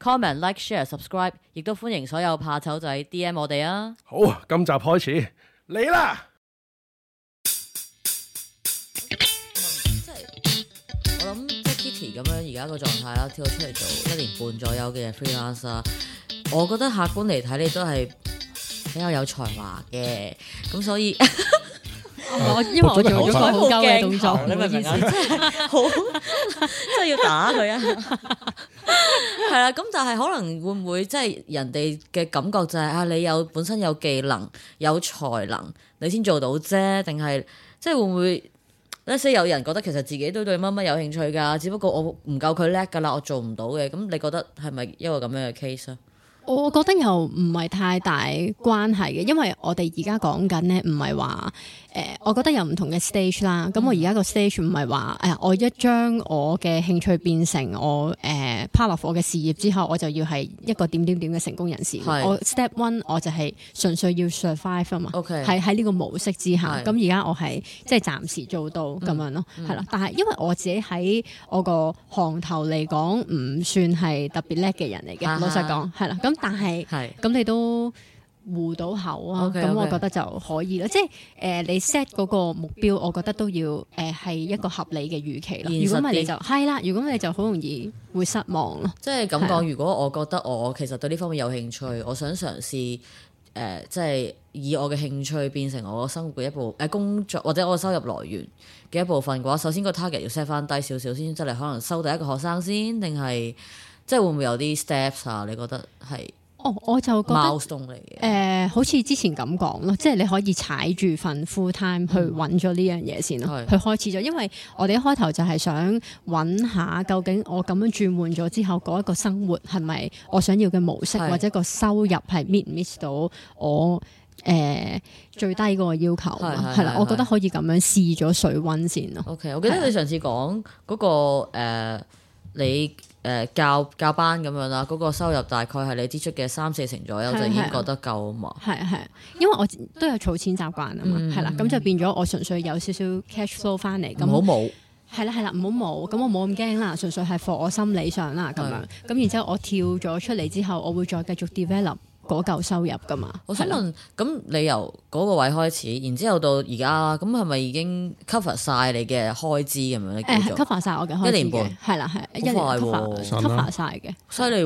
Comment like, share、Like、Share、Subscribe，亦都歡迎所有怕醜仔 DM 我哋啊！好，今集開始嚟啦、okay, 嗯！即係我諗，即係 Kitty 咁樣而家個狀態啦，跳出嚟做一年半左右嘅 freelancer，我覺得客觀嚟睇，你都係比較有才華嘅，咁所以。 我因為我做咗好驚嘅動作 你咪咧嘛，即係好，即係 要打佢啊，係 啦， 咁就係可能會唔會即係人哋嘅感覺就係、是、啊，你有本身有技能有才能你先做到啫，定係即係會唔會？一些有人覺得其實自己都對乜乜有興趣噶，只不過我唔夠佢叻噶啦，我做唔到嘅，咁你覺得係咪一個咁樣嘅 case 啊？我覺得又唔係太大關係嘅，因為我哋而家講緊咧，唔係話誒，我覺得有唔同嘅 stage 啦。咁、嗯、我而家個 stage 唔係話誒，我一將我嘅興趣變成我誒、呃、p 我嘅事業之後，我就要係一個點點點嘅成功人士。係我 step one 我就係純粹要 survive 啊嘛。OK，喺呢個模式之下，咁而家我係即係暫時做到咁樣咯，係、嗯、啦。但係因為我自己喺我個行頭嚟講，唔算係特別叻嘅人嚟嘅。哈哈老實講，係啦。咁但係咁是你都糊到口啊，咁 Okay, okay. 我覺得就可以啦。即係誒、呃，你 set 嗰個目標，我覺得都要誒係、呃、一個合理嘅預期啦。如果唔係你就係啦，如果你就好容易會失望咯。即係咁講，啊、如果我覺得我其實對呢方面有興趣，我想嘗試誒，即係以我嘅興趣變成我生活嘅一部誒、呃、工作或者我嘅收入來源嘅一部分嘅話，首先個 target 要 set 翻低少少先，即係可能收第一個學生先，定係？即係會唔會有啲 steps 啊？你覺得係？哦，我就覺得，好似、呃、之前咁講咯，嗯、即係你可以踩住份 full time 去揾咗呢樣嘢先咯、啊，嗯、去開始咗。因為我哋一開頭就係想揾下究竟我咁樣轉換咗之後，嗰一個生活係咪我想要嘅模式，或者個收入係 meet 唔 meet 到我誒、呃、最低嗰個要求？係啦，我覺得可以咁樣試咗水溫先咯、啊。OK，我記得你上次講嗰、那個、呃、你。誒、呃，教教班咁樣啦，嗰、那個收入大概係你支出嘅三四成左右是是是，就已經覺得夠啊嘛。係啊係，因為我都有儲錢習慣啊嘛，係、嗯、啦，咁就變咗我純粹有少少 cash flow 翻嚟咁。唔好冇。係啦係啦，唔好冇，咁我冇咁驚啦，純粹係 for 我心理上啦，咁樣。咁是然之後我跳咗出嚟之後，我會再繼續 develop。嗰嚿收入噶嘛？我想問咁，了你由嗰個位開始，然之後到而家咁，係咪已經 cover 晒你嘅開支咁樣咧？cover 晒我嘅開支一年半？係啦，係、啊、一年 cover 晒嘅。犀利，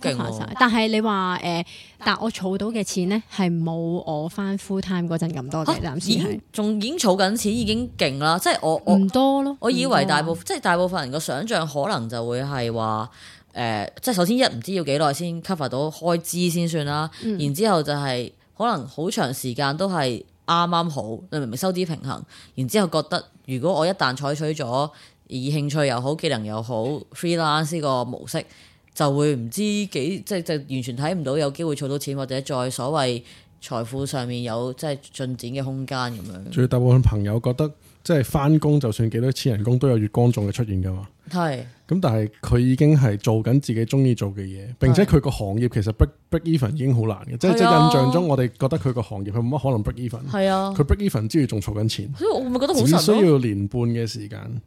勁！但係你話誒，但我儲到嘅錢咧，係冇我翻 full time 嗰陣咁多嘅。暫時仲已經儲緊錢，已經勁啦！即係我唔多咯。多我以為大部分，即係大部分人個想象可能就會係話。誒、呃，即係首先一唔知要幾耐先 cover 到開支先算啦，嗯、然之後就係、是、可能好長時間都係啱啱好，你明唔明收支平衡？然之後覺得如果我一旦採取咗以興趣又好、技能又好 freelance 個模式，就會唔知幾即係完全睇唔到有機會儲到錢或者在所謂財富上面有即係進展嘅空間咁樣。最大部分朋友覺得，即係翻工就算幾多千人工，都有月光族嘅出現噶嘛。係咁，是但係佢已經係做緊自己中意做嘅嘢，並且佢個行業其實 break break even 已經好難嘅，啊、即係即係印象中我哋覺得佢個行業佢冇乜可能 break even。係啊，佢 break even 之餘仲儲緊錢，所以我咪覺得好神咯。只需要年半嘅時間，呢、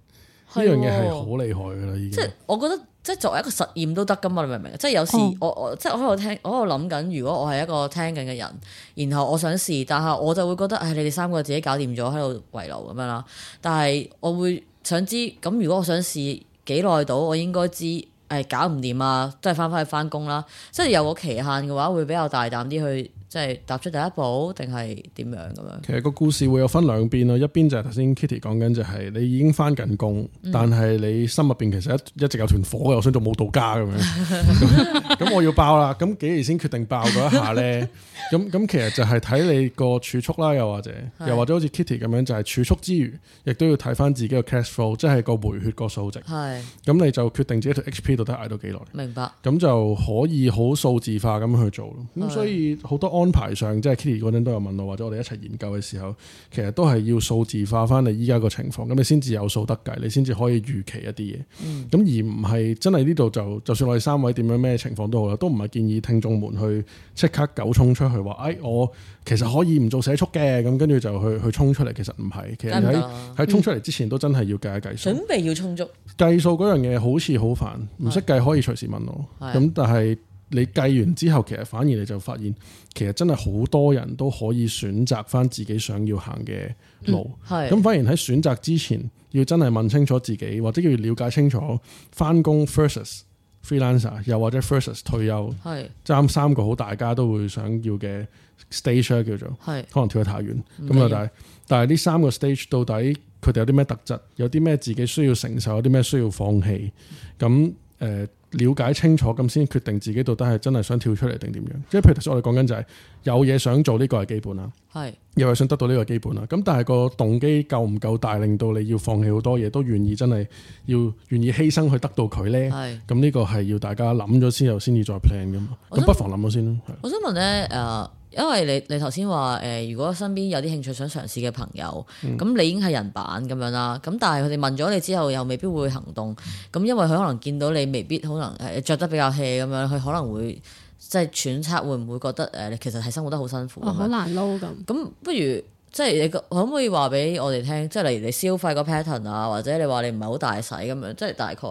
啊、樣嘢係好厲害噶啦。啊、已經即係，我覺得即係、就是、作為一個實驗都得噶嘛。你明唔明？即、就、係、是、有時我、哦、我即係、就是、我喺度聽，我喺度諗緊，如果我係一個聽緊嘅人，然後我想試，但係我就會覺得，唉、哎，你哋三個自己搞掂咗喺度遺留咁樣啦。但係我會想知，咁如果我想試。幾耐到？我應該知，誒、哎、搞唔掂啊，都係翻返去返工啦。即係有個期限嘅話，會比較大膽啲去。即係踏出第一步，定係點樣咁樣？其實個故事會有分兩邊咯，一邊就係頭先 Kitty 講緊就係你已經翻緊工，但係你心入邊其實一一直有團火又想做舞蹈家咁樣，咁我要爆啦，咁幾時先決定爆嗰一下咧？咁咁其實就係睇你個儲蓄啦，又或者又或者好似 Kitty 咁樣就係儲蓄之餘亦都要睇翻自己個 cash flow，即係個回血個數值。係咁你就決定自己條 HP 到底捱到幾耐？明白。咁就可以好數字化咁樣去做咯。咁所以好多安排上即係 Kitty 嗰陣都有問我或者我哋一齊研究嘅時候，其實都係要數字化翻嚟依家個情況，咁你先至有數得計，你先至可以預期一啲嘢。咁、嗯、而唔係真係呢度就就算我哋三位點樣咩情況都好啦，都唔係建議聽眾們去即刻狗衝出去話，誒、哎，我其實可以唔做社畜嘅，咁跟住就去去衝出嚟。其實唔係，其實喺喺衝出嚟之前、嗯、都真係要計一計數。準備要充足，計數嗰樣嘢好似好煩，唔識計可以隨時問我。咁是是但係。你計完之後，其實反而你就發現，其實真係好多人都可以選擇返自己想要行嘅路。咁、嗯、反而喺選擇之前，要真係問清楚自己，或者要了解清楚返工 versus freelancer，又或者 versus 退休。係是，即三個好大家都會想要嘅 stage、啊、叫做，係是，可能跳得太遠。咁啊、嗯，嗯、但係但係呢三個 stage 到底佢哋有啲咩特質，有啲咩自己需要承受，有啲咩需要放棄？咁誒？呃了解清楚咁先決定自己到底係真係想跳出嚟定點樣？即係譬如頭先我哋講緊就係有嘢想做呢個係基本啦，係又係想得到呢個係基本啦。咁但係個動機夠唔夠大，令到你要放棄好多嘢，都願意真係要願意犧牲去得到佢咧？係咁呢個係要大家諗咗先，又先至再 plan 噶嘛？咁想不妨諗咗先咯。我想問咧誒。Uh, 因為你你頭先話誒，如果身邊有啲興趣想嘗試嘅朋友，咁、嗯、你已經係人版咁樣啦。咁但係佢哋問咗你之後，又未必會行動。咁、嗯、因為佢可能見到你未必可能誒著得比較 hea 咁樣，佢可能會即係揣測會唔會覺得誒，你其實係生活得好辛苦。好、哦、難撈咁。咁不如即係、就是、你可唔可以話俾我哋聽，即係例如你消費個 pattern 啊，或者你話你唔係好大使咁樣，即、就、係、是、大概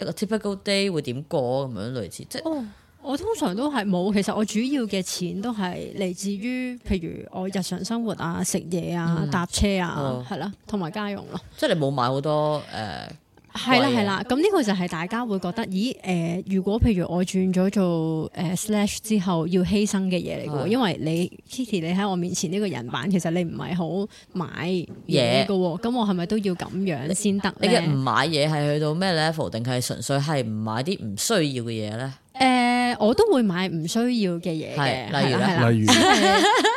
一個 typical day 會點過咁樣類似，即、就、係、是。哦我通常都係冇，其實我主要嘅錢都係嚟自於，譬如我日常生活啊、食嘢啊、搭車啊，係啦、嗯，同埋家用咯。即係你冇買好多誒？係、呃、啦，係啦的。咁呢個就係大家會覺得，咦？誒、呃，如果譬如我轉咗做誒、呃、slash 之後，要犧牲嘅嘢嚟嘅喎，嗯、因為你 Kitty 你喺我面前呢個人版，其實你唔係好買嘢嘅喎。咁、嗯、我係咪都要咁樣先得咧？你唔買嘢係去到咩 level？定係純粹係唔買啲唔需要嘅嘢咧？我都會買唔需要嘅嘢嘅。例如呢的例如，的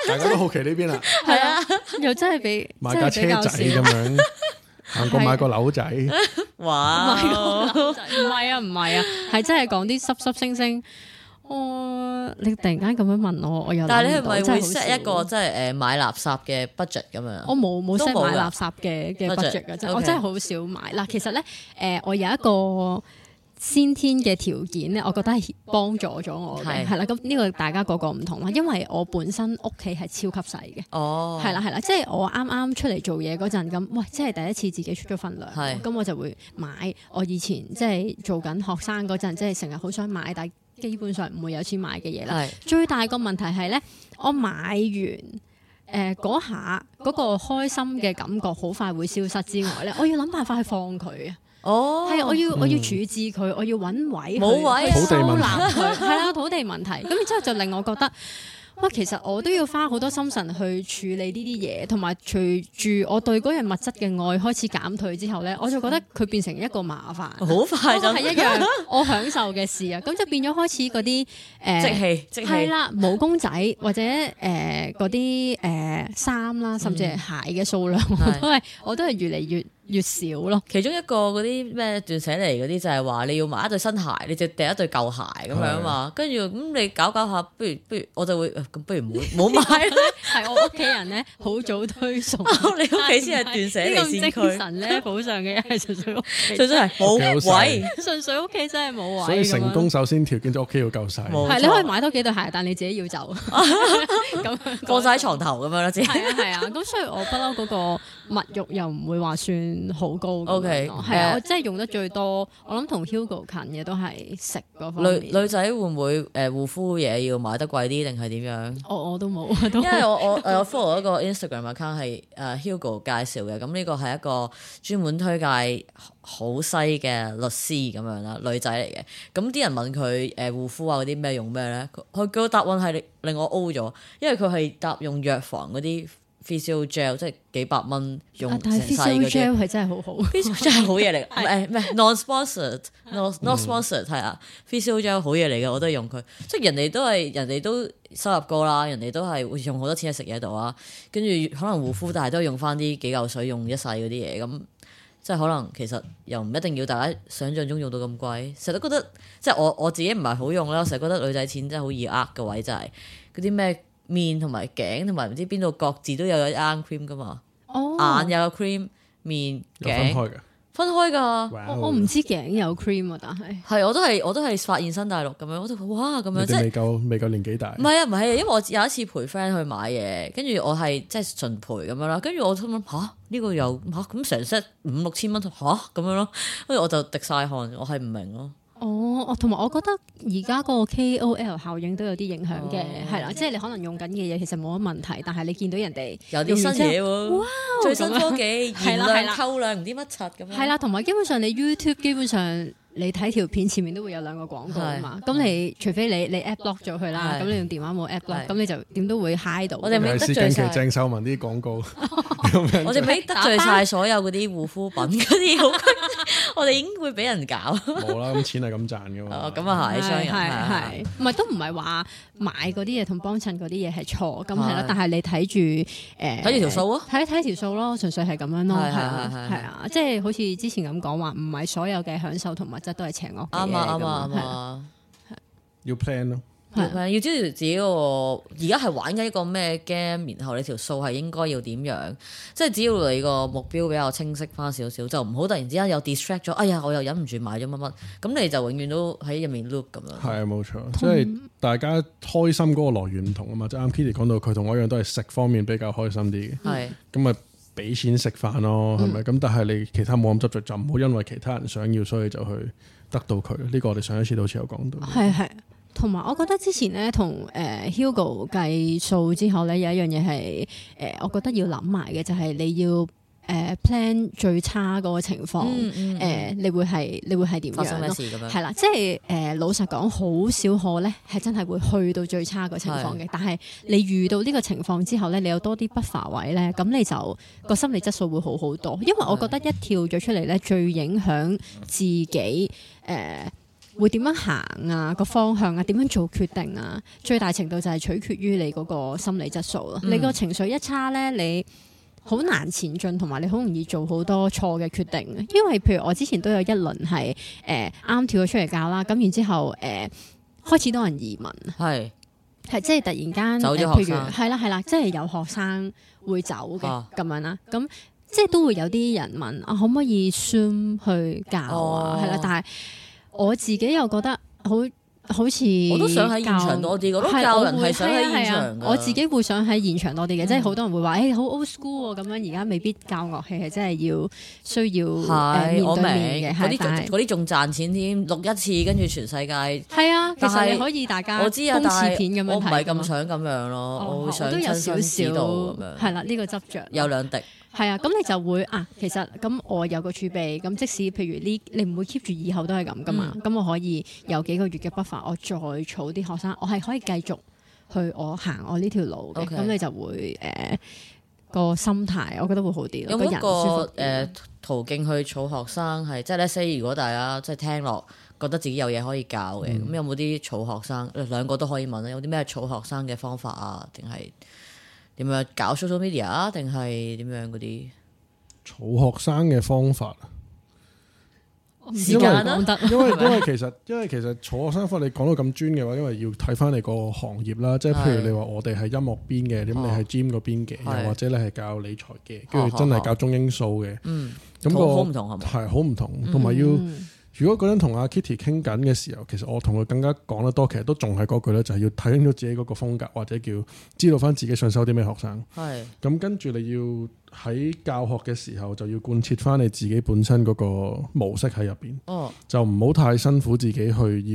大家都好奇呢邊啊？係啊，又真係俾買架車仔咁樣， 行過買個扭仔。的哇！買個唔係啊，唔係啊，係真係講啲濕濕星星。哦！你突然間咁樣問我，我又。但係你係咪會 set 一個即係誒買垃圾嘅 budget 咁樣？我冇冇 set 買垃圾嘅嘅 budget 嘅，真我真係好少買。嗱，其實咧誒，我有一個，先天嘅條件咧，我覺得係幫助咗我嘅，係啦的。咁呢個大家個個唔同啦，因為我本身屋企係超級細嘅，係啦係啦。即係我啱啱出嚟做嘢嗰陣，咁哇，即係第一次自己出咗份糧，咁的我就會買。我以前即係做緊學生嗰陣，即係成日好想買，但係基本上唔會有錢買嘅嘢啦。的最大個問題係咧，我買完誒嗰、呃、下嗰、嗰個開心嘅感覺好快會消失之外咧， 我要諗辦法去放佢。哦，係我要我要處置佢，我要揾位，冇位，土地問題係啦， 土地問題，咁之後就令我覺得，哇，其實我都要花好多心神去處理呢啲嘢，同埋隨住我對嗰樣物質嘅愛開始減退之後咧，我就覺得佢變成一個麻煩，好快就係一樣我享受嘅事啊，咁 就變咗開始嗰啲誒，係啦，冇公仔或者誒嗰啲誒衫啦，甚至係鞋嘅數量、嗯 我，我都係我都係越嚟越。越少咯，其中一個嗰啲咩斷捨離嗰啲就係話你要買一對新鞋，你就掟一對舊鞋咁樣嘛。跟住咁你搞搞下，不如不如我就會咁，不如唔好冇買咯。係我屋企人咧好早推送。你屋企先係斷捨離先區。神咧，補上嘅係純粹，純粹係冇位，純粹屋企真係冇位。所以成功首先條件就屋企要夠細。係，你可以買多幾對鞋，但你自己要走，放曬喺床頭咁樣咯。係啊係啊，咁雖然我不嬲嗰個物慾又唔會話算。好高嘅，係啊 OK, uh，我真係用得最多，我諗同 Hugo 近嘅都係食嗰方面。女女仔會唔會誒護膚嘢要買得貴啲定係點樣？我我都冇，因為我我 follow 一個 Instagram account 係誒 Hugo 介紹嘅，咁呢個係一個專門推介好西嘅律師咁樣啦，女仔嚟嘅。咁啲人問佢誒護膚啊嗰啲咩用咩咧？佢佢個答案係令我 O 咗，因為佢係答用藥房嗰啲。Facial Gel 即係幾百蚊用成、啊、gel 係真係好好 真好，gel 真係好嘢嚟。誒唔係 non-sponsored，non-sponsored 係啊，Facial Gel 好嘢嚟嘅，我都用佢。即係人哋都係人哋都收入高啦，人哋都係會用好多錢去食嘢度啊。跟住可能護膚，但係都用翻啲幾嚿水用一世嗰啲嘢，咁即係可能其實又唔一定要大家想象中用到咁貴。成日都覺得即係我我自己唔係好用啦，成日覺得女仔錢真係好易呃嘅位，就係啲咩？面同埋頸同埋唔知邊度各自都有一啱 cream 㗎嘛？哦，眼有 cream，面頸有分開嘅，分開㗎 Wow,。我唔知頸有 cream 啊，但係係我都係我都係發現新大陸咁樣，我就哇咁樣即係未夠未夠年紀大。唔係啊唔係啊，因為我有一次陪 friend 去買嘢，跟住我係即係純陪咁樣啦，跟住我心諗吓，呢、呢個又吓，咁成 set 五六千蚊，吓，咁樣咯，跟住我就滴晒汗，我係唔明咯。哦，哦，同埋我覺得而家嗰個 KOL 效應都有啲影響嘅，係啦，即係你可能用緊嘅嘢其實冇乜問題，但係你見到人哋有啲新嘢喎，哇，最新科技，係啦係啦，透亮唔知乜柒咁樣，係啦，同埋基本上你 YouTube 基本上你睇條片前面都會有兩個廣告啊嘛，咁你除非你你 app block 咗佢啦，咁你用電話冇 app block，咁你就點都會 high 到。我哋俾得罪曬鄭秀文啲廣告，我哋俾得罪晒所有嗰啲護膚品啲好。我哋已經會俾人搞，冇啦，咁錢係咁賺噶嘛。咁、哦、啊，係商人，係係，唔係都唔係話買嗰啲嘢同幫襯嗰啲嘢係錯，咁係啦，但係你睇住誒，睇、呃、住條數咯、啊，睇睇條數咯，純粹係咁樣咯，係係係啊，即係好似之前咁講話，唔係所有嘅享受同物質都係邪惡嘅嘢。啱啊啱啊啱啊，要 plan 咯。要知道自己個而家係玩緊一個咩 game，然後你條數係應該要點樣？即係只要你個目標比較清晰翻少少，就唔好突然之間又 distract 咗。哎呀，我又忍唔住買咗乜乜，咁你就永遠都喺入面 look 咁、like、樣。係啊，冇錯，即係大家開心嗰個來源唔同啊嘛。即、就、啱、是、Kitty 講到，佢同我一樣都係食方面比較開心啲嘅。係咁啊，俾錢食飯咯，係咪？咁、嗯、但係你其他冇咁執着，就唔好因為其他人想要，所以就去得到佢。呢、這個我哋上一次好似有講到。係係。同埋，我覺得之前咧同誒 Hugo 計數之後咧，有一樣嘢係誒，我覺得要諗埋嘅就係、是、你要誒、呃、plan 最差嗰個情況，誒、嗯嗯呃、你會係你會係點樣咯？係啦，即係誒、呃、老實講，好少可咧係真係會去到最差個情況嘅。是的 但係你遇到呢個情況之後咧，你有多啲 buffer 位咧，咁你就個心理質素會好好多。因為我覺得一跳咗出嚟咧，最影響自己誒。呃會點樣行啊？個方向啊？點樣做決定啊？最大程度就係取決於你嗰個心理質素啦、嗯。你個情緒一差咧，你好難前進，同埋你好容易做好多錯嘅決定。因為譬如我之前都有一輪係誒啱跳咗出嚟教啦，咁然後之後誒、呃、開始多人移民，係係是即係突然間，譬如係啦係啦，即係、就是、有學生會走嘅咁、哦、樣啦，咁即係都會有啲人問啊，可唔可以 Zoom 去教啊？係啦、哦，但係。我自己又覺得好好似我都想喺現場多啲，覺得教，教人係想喺現場、啊啊啊。我自己會想喺現場多啲嘅，嗯、即係好多人會話，誒、欸、好 old school 喎、啊，咁樣而家未必教樂器係真係要需要、呃、是面對面嘅。嗰啲仲嗰啲仲賺錢添，錄一次跟住全世界。係啊，其實你可以大家公次片咁樣，我知有，但係我唔係咁想咁樣咯，哦、我會想親身指導咁樣係啦，呢個執着。有兩滴。係啊，咁你就會啊，其實咁我有個儲備，咁即使譬如呢，你唔會 keep 住以後都係咁噶嘛，咁、嗯、我可以有幾個月嘅 buffer，我再儲啲學生，我係可以繼續去我行我呢條路嘅，咁 Okay. 你就會誒個、呃、心態，我覺得會好啲咯。咁個誒、呃、途徑去儲學生係即係咧，即係如果大家即係聽落覺得自己有嘢可以教嘅，咁、嗯、有冇啲儲學生？兩個都可以問啊，有啲咩儲學生嘅方法啊，定係？點樣搞 social media 啊？定係點樣嗰啲？儲學生嘅方法啊？因為得，因為因為其實，因為其實儲學生方法你講到咁專嘅話，因為要睇返你個行業啦。即係譬如你話我哋係音樂邊嘅，咁你係 gym 嗰邊嘅，又或者你係教理財嘅，跟住真係教中英數嘅。嗯，咁個係好唔同，同埋要。如果嗰陣同阿 Kitty 傾緊嘅時候，其實我同佢更加講得多，其實都仲係嗰句咧，就係要睇清楚自己嗰個風格，或者叫知道返自己想收啲咩學生。係。咁跟住你要。喺教學嘅時候就要貫徹翻你自己本身嗰個模式喺入邊，哦、就唔好太辛苦自己去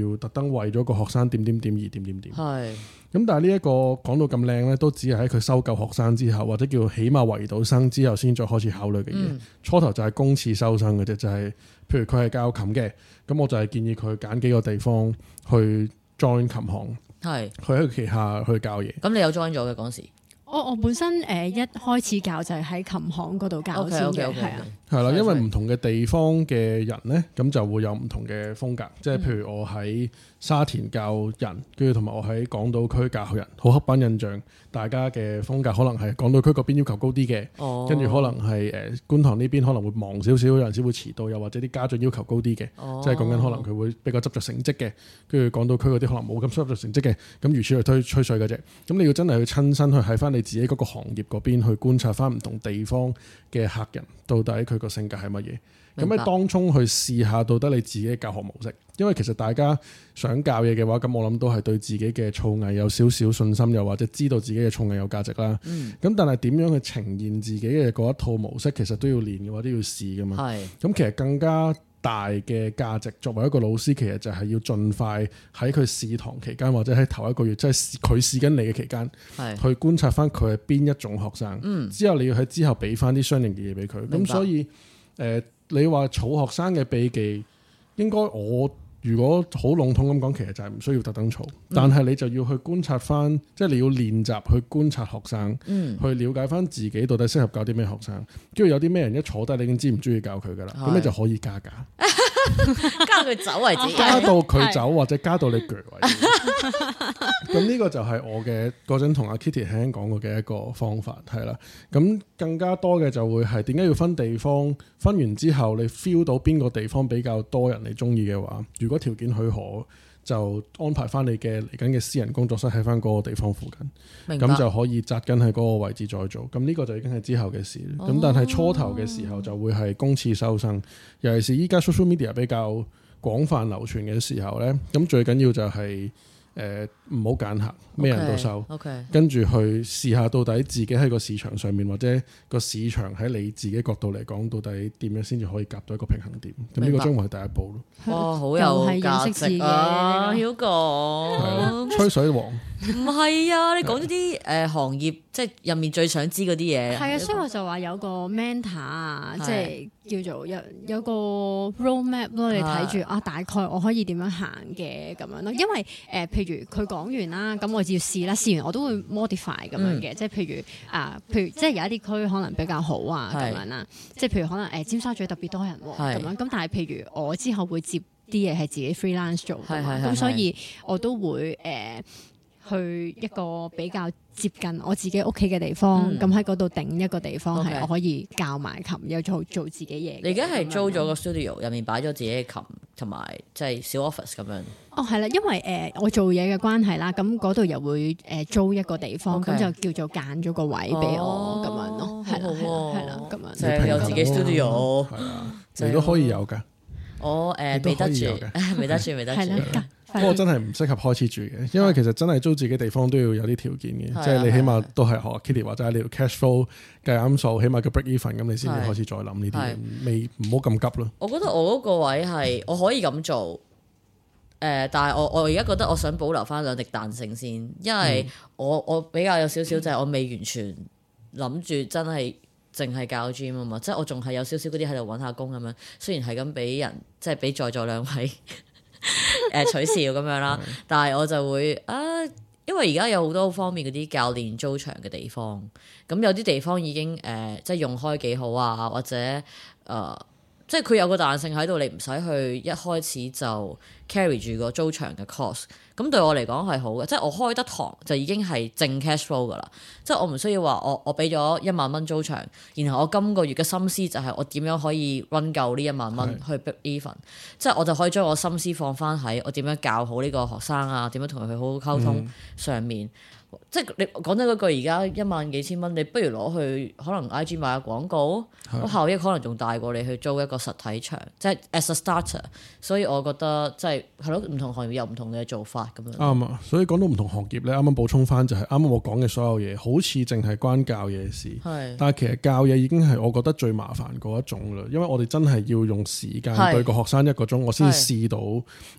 要特登為咗個學生點點點而點點點。係咁是，但係呢一個講到咁靚咧，都只係喺佢收夠學生之後，或者叫起碼圍到生之後，先再開始考慮嘅嘢。嗯、初頭就係公廁收生嘅啫，就係、是、譬如佢係教琴嘅，咁我就係建議佢揀幾個地方去 join 琴行，係是去喺旗下去教嘢。咁、嗯、你有 join 咗嘅嗰時。我我本身誒一開始教就係喺琴行嗰度教先嘅，係啊，係啦，因為唔同嘅地方嘅人咧，咁就會有唔同嘅風格，即係譬如我喺沙田教人，跟住同埋我喺港島區教學人，好刻板印象。大家嘅風格可能係港島區嗰邊要求高啲嘅，跟住、oh. 可能係誒、呃、觀塘呢邊可能會忙少少，有陣時會遲到，又或者啲家長要求高啲嘅，oh. 即係講緊可能佢會比較執着成績嘅，跟住港島區嗰啲可能冇咁執着成績嘅，咁如此類推吹水嗰隻。咁你要真係去親身去喺翻你自己嗰個行業嗰邊去觀察翻唔同地方嘅客人，到底佢個性格係乜嘢？咁喺當中去試下，到底你自己嘅教學模式，因為其實大家想教嘢嘅話，咁我諗都係對自己嘅創藝有少少信心，又或者知道自己嘅創藝有價值啦。嗯。咁但係點樣去呈現自己嘅嗰一套模式，其實都要練嘅話，都要試㗎嘛。係是。咁其實更加大嘅價值，作為一個老師，其實就係要盡快喺佢試堂期間，或者喺頭一個月，即係佢試緊你嘅期間，係是去觀察翻佢係邊一種學生。嗯。之後你要喺之後俾翻啲相應嘅嘢俾佢。明白。咁所以，誒、呃。你話儲學生嘅秘技，應該我如果好籠統咁講，其實就係唔需要特登儲，嗯、但係你就要去觀察返，即、就、係、是、你要練習去觀察學生，嗯、去了解返自己到底適合教啲咩學生，跟住有啲咩人一坐低，你已經知唔中意教佢㗎喇，咁是你就可以加價。 加到佢走為止，加到佢走或者加到你攰為止。咁呢 個就係我嘅嗰陣同阿 Kitty Hang 講過嘅一個方法，係啦。咁更加多嘅就會係點解要分地方？分完之後你 feel 到邊個地方比較多人你中意嘅話，如果條件許可，就安排翻你嘅嚟緊嘅私人工作室喺翻嗰個地方附近，咁明白就可以紮根喺嗰個位置再做。咁呢個就已經係之後嘅事。咁、哦、但係初頭嘅時候就會係公廁收生，尤其是依家 social media 比較廣泛流傳嘅時候呢。咁最緊要就係、是、誒。呃唔好揀客，咩人都收，跟住 Okay, okay. 去試下到底自己喺個市場上面，或者個市場喺你自己角度嚟講，到底點樣先至可以夾到一個平衡點？咁呢白個將來係第一步咯。哇、哦，好有價值啊，曉哥！吹水王唔係啊，你講咗啲誒行業，即係入面最想知嗰啲嘢。係啊，所以我就話有個 mentor 啊的，即係叫做有有個 roadmap 咯的，你睇住啊，大概我可以點樣行嘅咁樣咯。因為誒、呃，譬如佢講。講完啦，咁我要試啦，試完我都會 modify 咁樣嘅，嗯、即係譬如啊，譬如即係有一啲區可能比較好啊，咁是樣啦，即係譬如可能誒、呃、尖沙咀特別多人咁、啊、是樣，咁但係譬如我之後會接啲嘢係自己 freelance 做嘅，咁所以我都會誒、呃、去一個比較接近我自己屋企嘅地方，咁喺嗰度頂一個地方係 okay 我可以教埋琴，又做做自己嘢。你而家係租咗個 studio，入、嗯、面擺咗自己嘅琴。同埋即係小 office 咁樣。哦，係啦，因為誒我做嘢嘅關係啦，咁嗰度又會誒租一個地方，咁就叫做揀咗個位俾我咁樣咯，係啦，係啦，係啦，咁樣即係有自己 studio，係啊，你都可以有㗎。我誒未得住，未得住，未得住，不過真係唔適合開始住嘅，因為其實真係租自己地方都要有啲條件嘅，的即係你起碼都係學 Kitty 話齋，你要 cash flow 計啱數，起碼個 break even 咁的你先至開始再諗呢啲嘢，未唔好咁急咯。我覺得我嗰個位係我可以咁做，誒、呃，但係我我而家覺得我想保留翻兩滴彈性先，因為我、嗯、我比較有少少就係我未完全諗住真係淨係教 gym 啊嘛，即係、嗯、我仲係有少少嗰啲喺度揾下工咁樣，雖然係咁俾人即係俾在座兩位。 誒， 取笑咁樣啦， 但係我就會啊，因為而家有好多很方面嗰啲教練租場嘅地方，咁有啲地方已經誒、呃，即係用開幾好啊，或者誒。呃即係佢有個彈性喺度，你唔使去一開始就 carry 住個租場嘅 cost。咁對我嚟講係好嘅，即係我開得堂就已經係正 cash flow 噶啦。即係我唔需要話我我俾咗一萬蚊租場，然後我今個月嘅心思就係我點樣可以 run 夠呢一萬蚊去 break even，是即係我就可以將我心思放翻喺我點樣教好呢個學生啊，點樣同佢好好溝通上面。嗯即係你講真嗰句，而家一萬幾千蚊，你不如攞去可能 I G 買下廣告，效的益可能仲大過你去租一個實體場。的即係 as a starter，所以我覺得即係係咯，唔同行業有唔同嘅做法咁樣。啱啊，所以講到唔同行業咧，啱啱補充翻就係啱啱我講嘅所有嘢，好似淨係關教嘢事。係的，但係其實教嘢已經係我覺得最麻煩嗰一種啦，因為我哋真係要用時間對個學生一個鐘，我先試到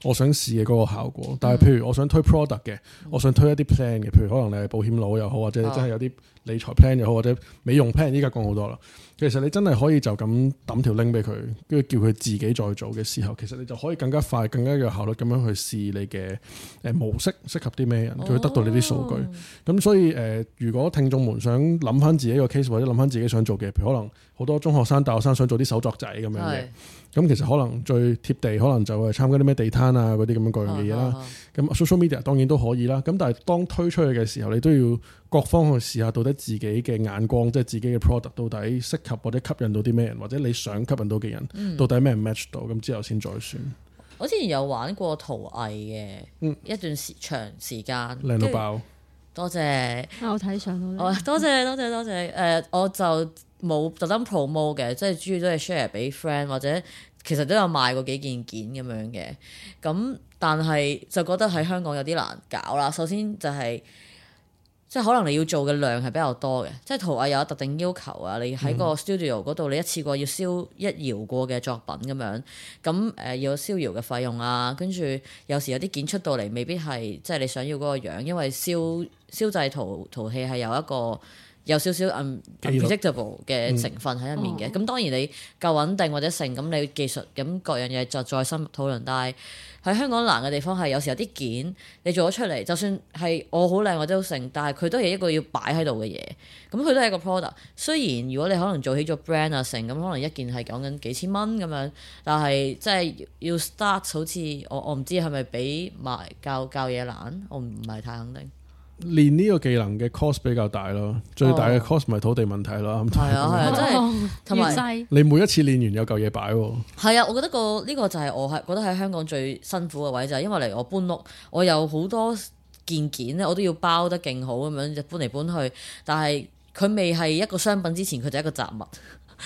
我想試嘅嗰個效果。但係譬如我想推 product 嘅，的嗯、我想推一啲 plan 嘅，譬如可能。同你係保險佬又好，或者真係有啲。理財 plan 又好，或者美容 plan，依家講好多啦。其實你真係可以就咁抌條 link 俾佢，跟住叫佢自己再做嘅時候，其實你就可以更加快、更加有效率咁樣去試你嘅誒模式，適合啲咩人，佢、哦、會得到你啲數據。咁、哦、所以誒、呃，如果聽眾們想諗翻自己個 case，或者諗翻自己想做嘅，譬如可能好多中學生、大學生想做啲手作仔咁樣嘅，咁是 其實可能最貼地，可能就會參加啲咩地攤啊，嗰啲咁樣樣嘅嘢啦。咁 social media 當然都可以啦。咁但係當推出去嘅時候，你都要。各方去試下，到底自己嘅眼光，即、就、係、是、自己嘅 product，到底適合或者吸引到啲咩人，或者你想吸引到嘅人，嗯、到底咩人 match 到？咁之後先再算。我之前有玩過陶藝嘅、嗯、一段時長時間，靚到麗后爆！多謝，我睇相多謝多謝多謝。誒、呃，我就冇特登 promote 嘅，即係主要都係 share 俾 friend 或者其實都有賣過幾件件咁樣嘅。咁但係就覺得喺香港有啲難搞啦。首先就係、是即係可能你要做嘅量係比較多嘅，即係陶藝有特定要求啊！你喺個 studio 嗰度，你一次過要燒一窯過嘅作品咁樣，咁、呃、要有燒窯嘅費用啊，跟住有時有啲件出到嚟未必係即係你想要嗰個樣，因為燒燒製陶陶器係有一個，有少少嗯 predictable 嘅成分喺入面嘅，咁、嗯、當然你夠穩定或者成，咁你技術咁各樣嘢就再深入討論。但係喺香港難嘅地方係有時有啲件你做咗出嚟，就算係我好靚或者好成，但係佢都係一個要擺喺度嘅嘢。咁佢都係一個 product。雖然如果你可能做起咗 brand 啊成，咁可能一件係講緊幾千蚊咁樣，但係即係要 start 好似我我唔知係咪俾埋教教嘢難，我唔係太肯定。練呢個技能嘅 cost 比較大咯，最大嘅 cost 咪土地問題咯。係、哦、啊，係、啊、真係，同埋小你每一次練完有嚿嘢擺。係啊，我覺得個呢個就係我係覺得喺香港最辛苦嘅位就係因為嚟我搬屋，我有好多件件咧，我都要包得勁好咁樣就搬嚟搬去，但係佢未係一個商品之前，佢就係一個雜物。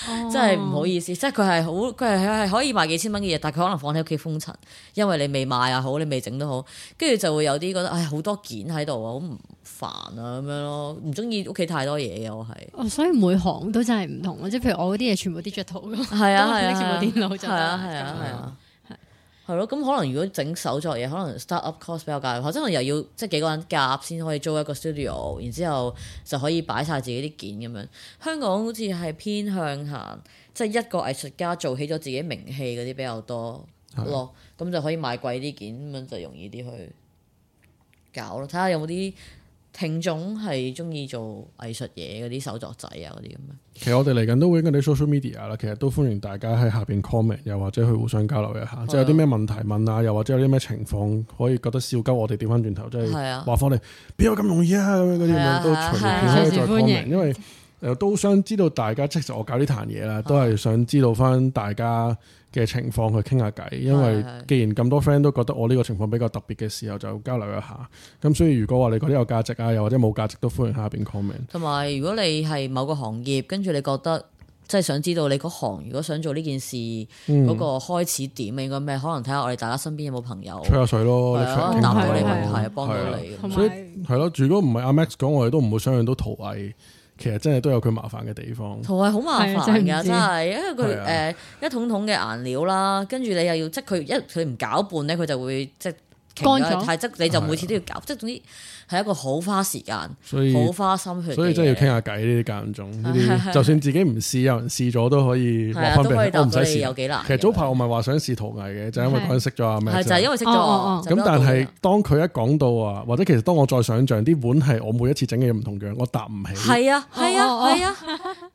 哦、真係唔好意思，即係佢係好，佢係佢係可以賣幾千蚊嘅嘢，但係佢可能放喺屋企封塵，因為你未賣又好，你未整都好，跟住就會有啲覺得唉好多件喺度啊，好唔煩啊咁樣咯，唔中意屋企太多嘢嘅我係，哦，所以每行都真係唔同，即係譬如我嗰啲嘢全部 discard 咁，係啊，係啊，係 啊，係啊。係咯，咁可能如果整手作嘢，可能 startup cost 比較大。或者可能又要即係幾個人夾先可以租一個 studio，然之後就可以擺晒自己啲件咁樣。香港好似係偏向行即係一個藝術家做起咗自己名氣嗰啲比較多咯，咁的、嗯、就可以賣貴啲件，咁樣就容易啲去搞咯。睇下有冇啲。品總係中意做藝術嘢嗰啲手作仔啊，嗰啲咁樣。其實我哋嚟緊都會用緊啲 social media 啦，其實都歡迎大家喺下邊 comment，又或者去互相交流一下，的即係有啲咩問題問啊，又或者有啲咩情況可以覺得笑鳩，我哋調翻轉頭，即係話返你邊有咁容易啊，咁樣嗰啲咁都其實都再 comment，因為。誒，都想知道大家，即係我搞呢壇嘢啦，都係想知道翻大家嘅情況去傾下偈。因為既然咁多 friend 都覺得我呢個情況比較特別嘅時候，就交流一下。咁所以如果話你覺得有價值啊，又或者冇價值都歡迎下邊 comment。同埋，如果你係某個行業，跟住你覺得即係想知道你嗰行，如果想做呢件事，嗰個開始點啊，應該咩？可能睇下我哋大家身邊有冇朋友吹下水咯，係啊，答到你問題，幫到你。所以係咯，如果唔係阿 Max 講，我哋都唔會想象到陶藝。其實真係都有佢麻煩嘅地方，同係好麻煩㗎，真係，因為佢誒是的、呃、一桶桶嘅顏料啦，跟住你又要即係佢一佢唔攪拌咧，佢就會即係乾咗燥，係即係你就每次都要攪，即係總之。係一個好花時間，所以好花心血，所以真係要傾下偈呢啲間中。就算自己唔試，有人試咗都可以。我唔使試幾難。其實早排我咪話想試陶藝嘅，就因為嗰陣識咗阿咩，就係因為識咗。咁但係當佢一講到啊，或者其實當我再想象啲碗係我每一次整嘅唔同樣，我搭唔起。係啊係啊係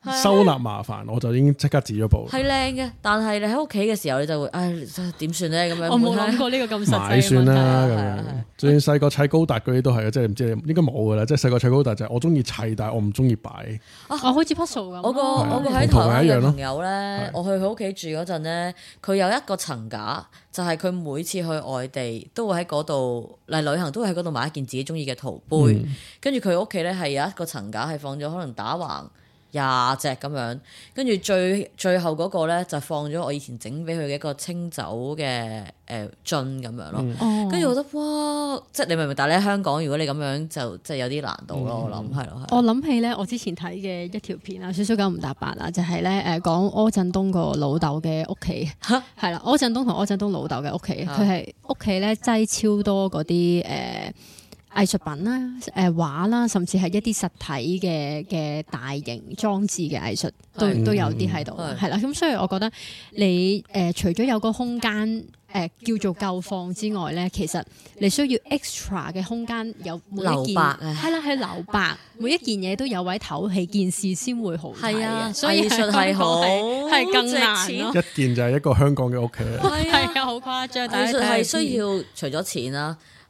啊，收納麻煩，我就已經即刻止咗步。係靚嘅，但係你喺屋企嘅時候，你就會唉點算咧？咁樣我冇諗過呢個咁實際嘅問題。咁樣，就算細個砌高達嗰啲都係即唔知，應該冇噶啦。即係細個砌高達就係我中意砌，但係我唔中意擺。啊，好似 Puzzle 咁。我個我個喺台灣嘅朋友咧，的我去佢屋企住嗰陣咧，佢有一個層架，就係、是、佢每次去外地都會喺嗰度嚟旅行，都會喺嗰度買一件自己中意嘅陶杯。嗯、跟住佢屋企咧係有一個層架，係放咗可能打橫。廿隻咁樣，跟住最最後嗰個咧就放咗我以前整俾佢嘅一個清酒嘅誒樽咁樣咯，跟住、呃、嗯、我覺得哇，即係你明唔明？但係咧香港如果你咁樣就即係有啲難度咯，嗯、我諗係咯。我諗起呢，我之前睇嘅一條片啊，少少九唔搭八啊，就係呢誒講柯震東個老豆嘅屋企，係啦蛤，柯震東同柯震東老豆嘅屋企，佢係屋企呢，擠超多嗰啲誒。呃藝術品啦，誒畫啦，甚至係一啲實體嘅嘅大型裝置嘅藝術，都的都有啲喺度，係啦的。咁所以我覺得你誒、呃、除咗有個空間誒、呃、叫做夠放之外咧，其實你需要 extra 嘅空間有每一件留白、啊，係啦，係留白，每一件嘢都有位透氣，件事先會好睇嘅。所以係好，係更值錢，一件就係一個香港嘅屋企，係啊，好誇張。藝術係需要除咗錢啦。